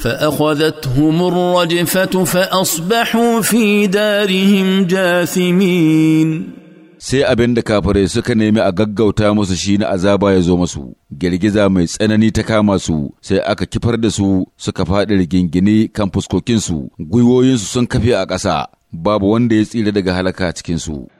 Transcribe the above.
فاخذتهم الرجفه فاصبحوا في دارهم جاثمين sai abin da kafirai suka nemi a gaggauta musu shi na azaba ya zo masu girgiza mai tsanani ta kama su sai aka kifar da su suka faɗi rigingine kan fuskokinsu gwiwoyinsu sun kafe a ƙasa babu wanda ya tsira daga halaka cikinsu